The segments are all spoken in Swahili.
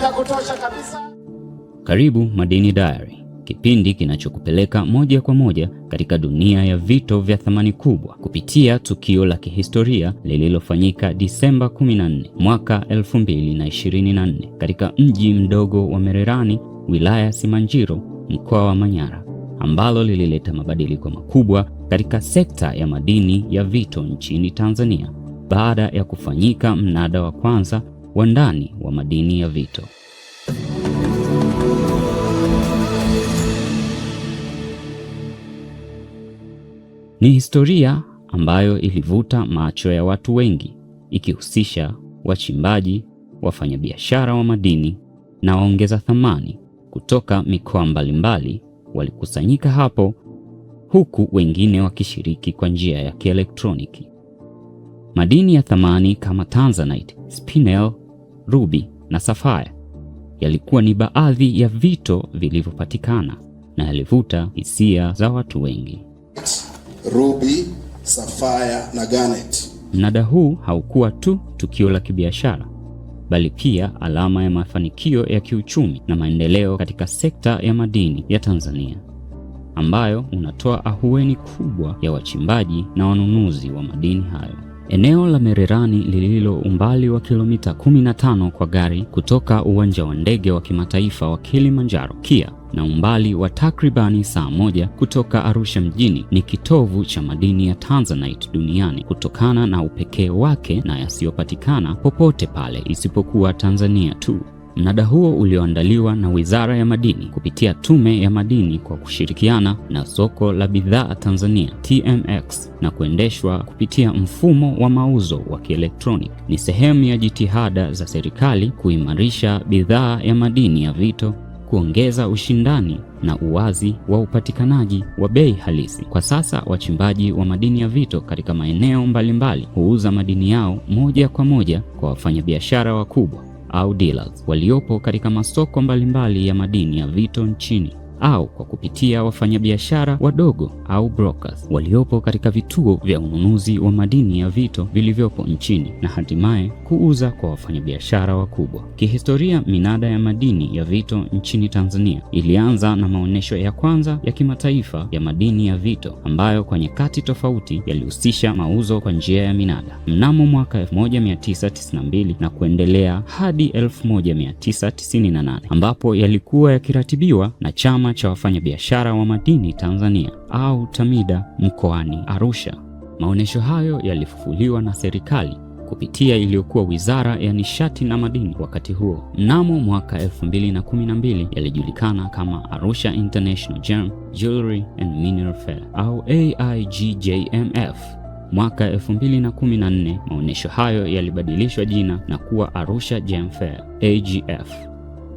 za kutosha kabisa. Karibu Madini Diary, kipindi kinachokupeleka moja kwa moja katika dunia ya vito vya thamani kubwa kupitia tukio la kihistoria lililofanyika Disemba 14 mwaka 2024 katika mji mdogo wa Mererani, wilaya Simanjiro, mkoa wa Manyara, ambalo lilileta mabadiliko makubwa katika sekta ya madini ya vito nchini Tanzania baada ya kufanyika mnada wa kwanza wa ndani wa madini ya vito. Ni historia ambayo ilivuta macho ya watu wengi, ikihusisha wachimbaji, wafanyabiashara wa madini na waongeza thamani kutoka mikoa mbalimbali walikusanyika hapo, huku wengine wakishiriki kwa njia ya kielektroniki. Madini ya thamani kama tanzanite, spinel rubi na safaya yalikuwa ni baadhi ya vito vilivyopatikana na yalivuta hisia za watu wengi. Rubi, safaya na garnet. Mnada huu haukuwa tu tukio la kibiashara, bali pia alama ya mafanikio ya kiuchumi na maendeleo katika sekta ya madini ya Tanzania, ambayo unatoa ahueni kubwa ya wachimbaji na wanunuzi wa madini hayo eneo la Mererani lililo umbali wa kilomita 15 kwa gari kutoka uwanja wa ndege wa kimataifa wa Kilimanjaro KIA na umbali wa takribani saa moja kutoka Arusha mjini, ni kitovu cha madini ya Tanzanite duniani kutokana na upekee wake na yasiyopatikana popote pale isipokuwa Tanzania tu. Mnada huo ulioandaliwa na Wizara ya Madini kupitia Tume ya Madini kwa kushirikiana na Soko la Bidhaa Tanzania TMX na kuendeshwa kupitia mfumo wa mauzo wa kielektroniki ni sehemu ya jitihada za serikali kuimarisha bidhaa ya madini ya vito, kuongeza ushindani na uwazi wa upatikanaji wa bei halisi. Kwa sasa wachimbaji wa madini ya vito katika maeneo mbalimbali huuza madini yao moja kwa moja kwa wafanyabiashara wakubwa au dealers waliopo katika masoko mbalimbali ya madini ya vito nchini au kwa kupitia wafanyabiashara wadogo au brokers waliopo katika vituo vya ununuzi wa madini ya vito vilivyopo nchini na hatimaye kuuza kwa wafanyabiashara wakubwa. Kihistoria, minada ya madini ya vito nchini Tanzania ilianza na maonyesho ya kwanza ya kimataifa ya madini ya vito ambayo kwa nyakati tofauti yalihusisha mauzo kwa njia ya minada mnamo mwaka 1992 na kuendelea hadi 1998 ambapo yalikuwa yakiratibiwa na chama cha Wafanyabiashara wa Madini Tanzania au TAMIDA mkoani Arusha. Maonesho hayo yalifufuliwa na serikali kupitia iliyokuwa Wizara ya Nishati na Madini wakati huo. Mnamo mwaka 2012 yalijulikana kama Arusha International Gem, Jewelry and Mineral Fair au AIGJMF. Mwaka 2014 maonesho hayo yalibadilishwa jina na kuwa Arusha Gem Fair AGF.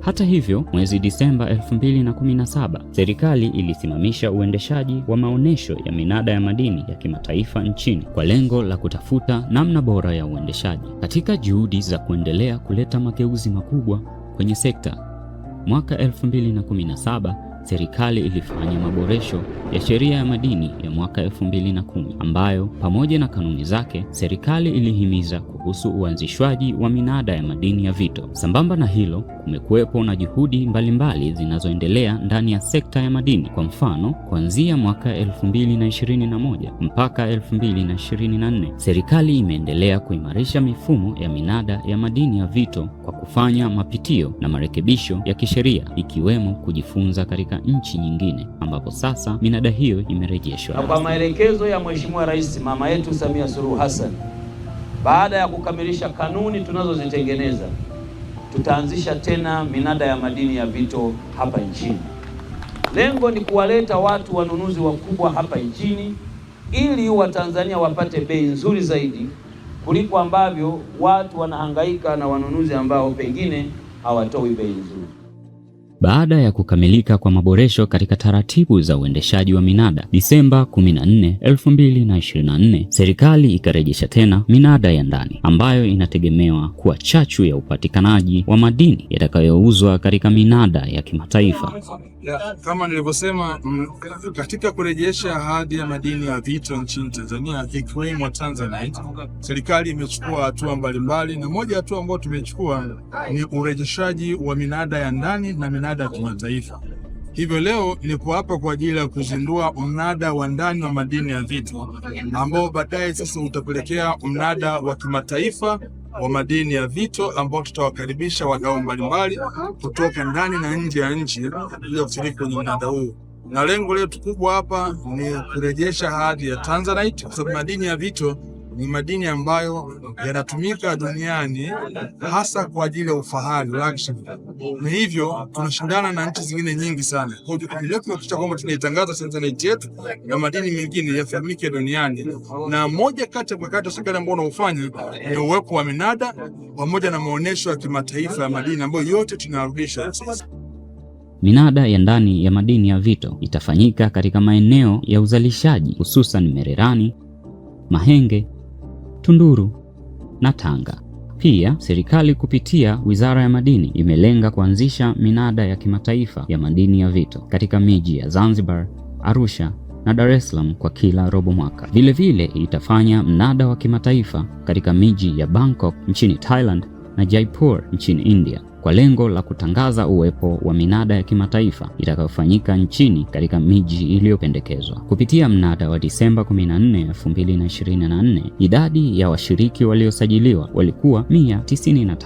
Hata hivyo, mwezi Disemba 2017 serikali ilisimamisha uendeshaji wa maonesho ya minada ya madini ya kimataifa nchini kwa lengo la kutafuta namna bora ya uendeshaji. Katika juhudi za kuendelea kuleta mageuzi makubwa kwenye sekta, mwaka 2017 serikali ilifanya maboresho ya sheria ya madini ya mwaka 2010 ambayo pamoja na kanuni zake, serikali ilihimiza kuhusu uanzishwaji wa minada ya madini ya vito. Sambamba na hilo, kumekuwepo na juhudi mbalimbali zinazoendelea ndani ya sekta ya madini. Kwa mfano, kuanzia mwaka 2021 mpaka 2024, serikali imeendelea kuimarisha mifumo ya minada ya madini ya vito kwa kufanya mapitio na marekebisho ya kisheria, ikiwemo kujifunza katika nchi nyingine, ambapo sasa minada hiyo imerejeshwa. Na kwa maelekezo ya Mheshimiwa Rais mama yetu Samia Suluhu Hassan, baada ya kukamilisha kanuni tunazozitengeneza tutaanzisha tena minada ya madini ya vito hapa nchini. Lengo ni kuwaleta watu wanunuzi wakubwa hapa nchini ili Watanzania wapate bei nzuri zaidi kuliko ambavyo watu wanahangaika na wanunuzi ambao pengine hawatoi bei nzuri. Baada ya kukamilika kwa maboresho katika taratibu za uendeshaji wa minada Disemba 14, 2024, serikali ikarejesha tena minada ya ndani ambayo inategemewa kuwa chachu ya upatikanaji wa madini yatakayouzwa katika minada ya kimataifa. Ya, kama nilivyosema mm, katika kurejesha hadhi ya madini ya vito nchini Tanzania ikiwemo Tanzanite, serikali imechukua hatua mbalimbali, na moja ya hatua ambayo tumechukua ni urejeshaji wa minada ya ndani na minada mnada wa kimataifa. Hivyo leo niko hapa kwa ajili ya kuzindua mnada wa ndani wa madini ya vitu ambao baadaye sasa utapelekea mnada wa kimataifa wa madini ya vito ambao tutawakaribisha wadau mbalimbali kutoka ndani na nje ya nchi ili kushiriki kwenye mnada huu, na lengo letu kubwa hapa ni kurejesha hadhi ya Tanzanite kwa sababu madini ya vito ni madini ambayo yanatumika duniani hasa kwa ajili ya ufahari luxury, na hivyo tunashindana na nchi zingine nyingi sana. Kwa jukumu kwamba tunaitangaza Tanzania nchi yetu na madini mengine yafahamike duniani, na moja kati ya mkakati wa serikali ambao unaofanya ni uwepo wa minada pamoja na maonyesho ya kimataifa ya madini ambayo yote tunarudisha Minada ya ndani ya madini ya vito itafanyika katika maeneo ya uzalishaji hususan Mererani, Mahenge Tunduru na Tanga. Pia serikali kupitia Wizara ya Madini imelenga kuanzisha minada ya kimataifa ya madini ya vito katika miji ya Zanzibar, Arusha na Dar es Salaam kwa kila robo mwaka. Vilevile itafanya mnada wa kimataifa katika miji ya Bangkok nchini Thailand na Jaipur nchini India kwa lengo la kutangaza uwepo wa minada ya kimataifa itakayofanyika nchini katika miji iliyopendekezwa. Kupitia mnada wa Disemba 14, 2024, idadi ya washiriki waliosajiliwa walikuwa 195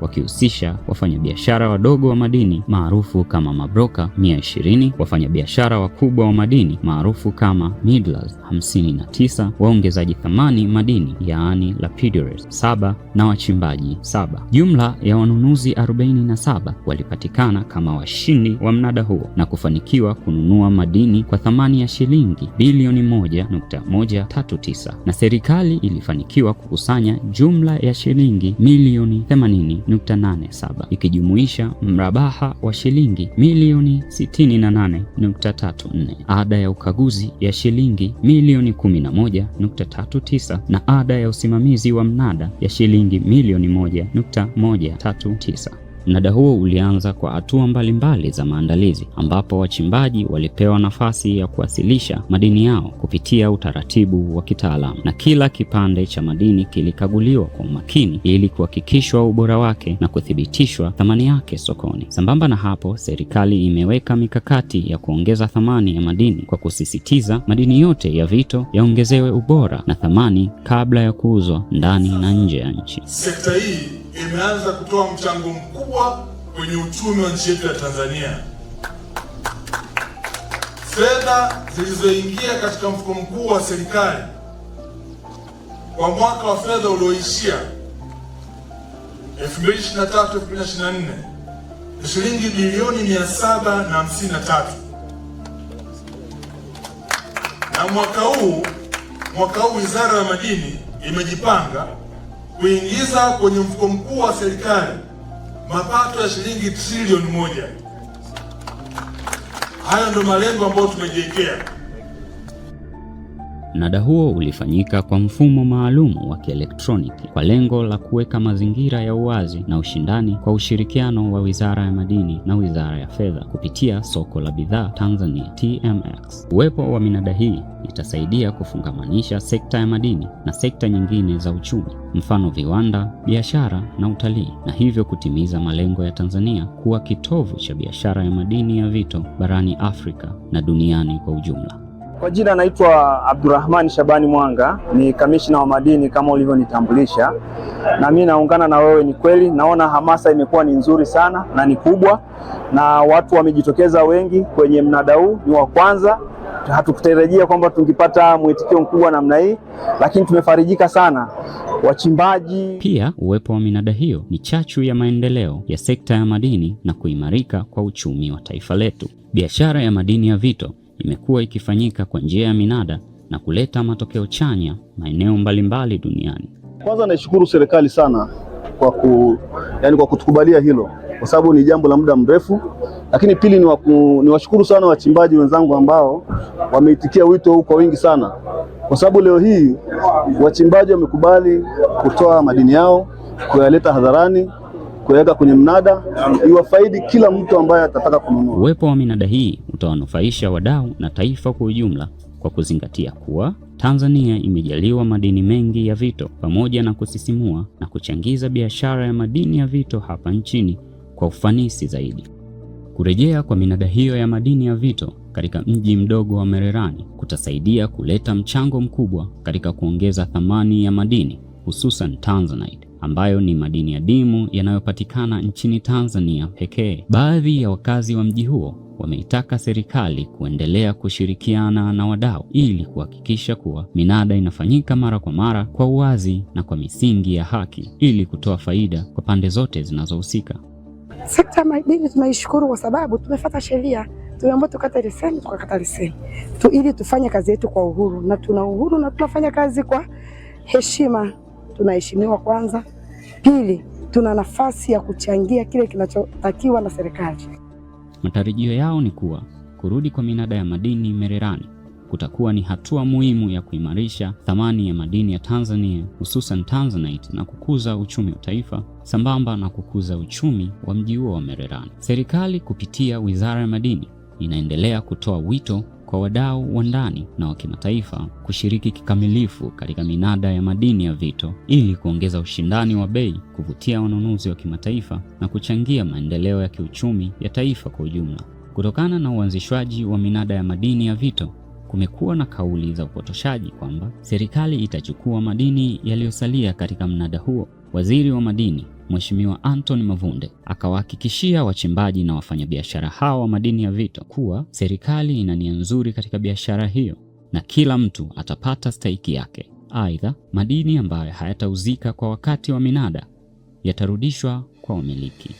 wakihusisha wafanyabiashara wadogo wa madini maarufu kama mabroka 120, wafanyabiashara wakubwa wa madini maarufu kama midlers 59, waongezaji thamani madini yaani lapidures 7 na wachimbaji 7 Jumla ya wanunuzi 40 47 walipatikana kama washindi wa mnada huo na kufanikiwa kununua madini kwa thamani ya shilingi bilioni 1.139 na serikali ilifanikiwa kukusanya jumla ya shilingi milioni 80.87 ikijumuisha mrabaha wa shilingi milioni 68.34, ada ya ukaguzi ya shilingi milioni 11.39 na ada ya usimamizi wa mnada ya shilingi milioni 1.139. Mnada huo ulianza kwa hatua mbalimbali za maandalizi ambapo wachimbaji walipewa nafasi ya kuwasilisha madini yao kupitia utaratibu wa kitaalamu na kila kipande cha madini kilikaguliwa kwa umakini ili kuhakikishwa ubora wake na kuthibitishwa thamani yake sokoni. Sambamba na hapo, serikali imeweka mikakati ya kuongeza thamani ya madini kwa kusisitiza madini yote ya vito yaongezewe ubora na thamani kabla ya kuuzwa ndani na nje ya nchi. Sekta hii imeanza kutoa mchango mkubwa kwenye uchumi wa nchi yetu ya Tanzania. Fedha zilizoingia katika mfuko mkuu wa serikali kwa mwaka wa fedha ulioishia 2023/2024 shilingi bilioni 753 na mwaka huu mwaka huu Wizara ya Madini imejipanga kuingiza kwenye mfuko mkuu wa serikali mapato ya shilingi trilioni moja. Hayo ndio malengo ambayo tumejiwekea. Mnada huo ulifanyika kwa mfumo maalum wa kielektroniki kwa lengo la kuweka mazingira ya uwazi na ushindani kwa ushirikiano wa Wizara ya Madini na Wizara ya Fedha kupitia Soko la Bidhaa Tanzania TMX. Uwepo wa minada hii itasaidia kufungamanisha sekta ya madini na sekta nyingine za uchumi, mfano viwanda, biashara na utalii, na hivyo kutimiza malengo ya Tanzania kuwa kitovu cha biashara ya madini ya vito barani Afrika na duniani kwa ujumla. Kwa jina naitwa Abdurrahman Shabani Mwanga, ni kamishna wa madini kama ulivyonitambulisha, na mimi naungana na wewe. Ni kweli naona hamasa imekuwa ni nzuri sana na ni kubwa, na watu wamejitokeza wengi kwenye mnada huu, ni wa kwanza. Hatukutarajia kwamba tungipata mwitikio mkubwa namna hii, lakini tumefarijika sana wachimbaji. Pia uwepo wa minada hiyo ni chachu ya maendeleo ya sekta ya madini na kuimarika kwa uchumi wa taifa letu. Biashara ya madini ya vito imekuwa ikifanyika kwa njia ya minada na kuleta matokeo chanya maeneo mbalimbali duniani. Kwanza naishukuru serikali sana kwa, ku, yani kwa kutukubalia hilo kwa sababu ni jambo la muda mrefu, lakini pili ni, waku, ni washukuru sana wachimbaji wenzangu ambao wameitikia wito huu kwa wingi sana, kwa sababu leo hii wachimbaji wamekubali kutoa madini yao kuyaleta hadharani kuweka kwenye mnada iwafaidi kila mtu ambaye atataka kununua. Uwepo wa minada hii utawanufaisha wadau na taifa kwa ujumla kwa kuzingatia kuwa Tanzania imejaliwa madini mengi ya vito pamoja na kusisimua na kuchangiza biashara ya madini ya vito hapa nchini kwa ufanisi zaidi. Kurejea kwa minada hiyo ya madini ya vito katika mji mdogo wa Mererani kutasaidia kuleta mchango mkubwa katika kuongeza thamani ya madini hususan Tanzanite ambayo ni madini adimu yanayopatikana nchini Tanzania pekee. Baadhi ya wakazi wa mji huo wameitaka serikali kuendelea kushirikiana na wadau ili kuhakikisha kuwa minada inafanyika mara kwa mara kwa uwazi na kwa misingi ya haki ili kutoa faida kwa pande zote zinazohusika. Sekta ya madini tunaishukuru kwa sababu tumefuata sheria, tumeambiwa tukata leseni, tukakata leseni tu ili tufanye kazi yetu kwa uhuru, na tuna uhuru na tunafanya kazi kwa heshima tunaheshimiwa kwanza, pili tuna nafasi ya kuchangia kile kinachotakiwa na serikali. Matarajio yao ni kuwa kurudi kwa minada ya madini Mererani kutakuwa ni hatua muhimu ya kuimarisha thamani ya madini ya Tanzania hususan Tanzanite na kukuza uchumi wa taifa sambamba na kukuza uchumi wa mji huo wa Mererani. Serikali kupitia Wizara ya Madini inaendelea kutoa wito kwa wadau wa ndani na wa kimataifa kushiriki kikamilifu katika minada ya madini ya vito ili kuongeza ushindani wa bei, kuvutia wanunuzi wa kimataifa na kuchangia maendeleo ya kiuchumi ya taifa kwa ujumla. Kutokana na uanzishwaji wa minada ya madini ya vito, kumekuwa na kauli za upotoshaji kwamba serikali itachukua madini yaliyosalia katika mnada huo. Waziri wa Madini Mheshimiwa Anton Mavunde akawahakikishia wachimbaji na wafanyabiashara hao wa madini ya vito kuwa serikali ina nia nzuri katika biashara hiyo na kila mtu atapata stahiki yake. Aidha, madini ambayo hayatauzika kwa wakati wa minada yatarudishwa kwa wamiliki.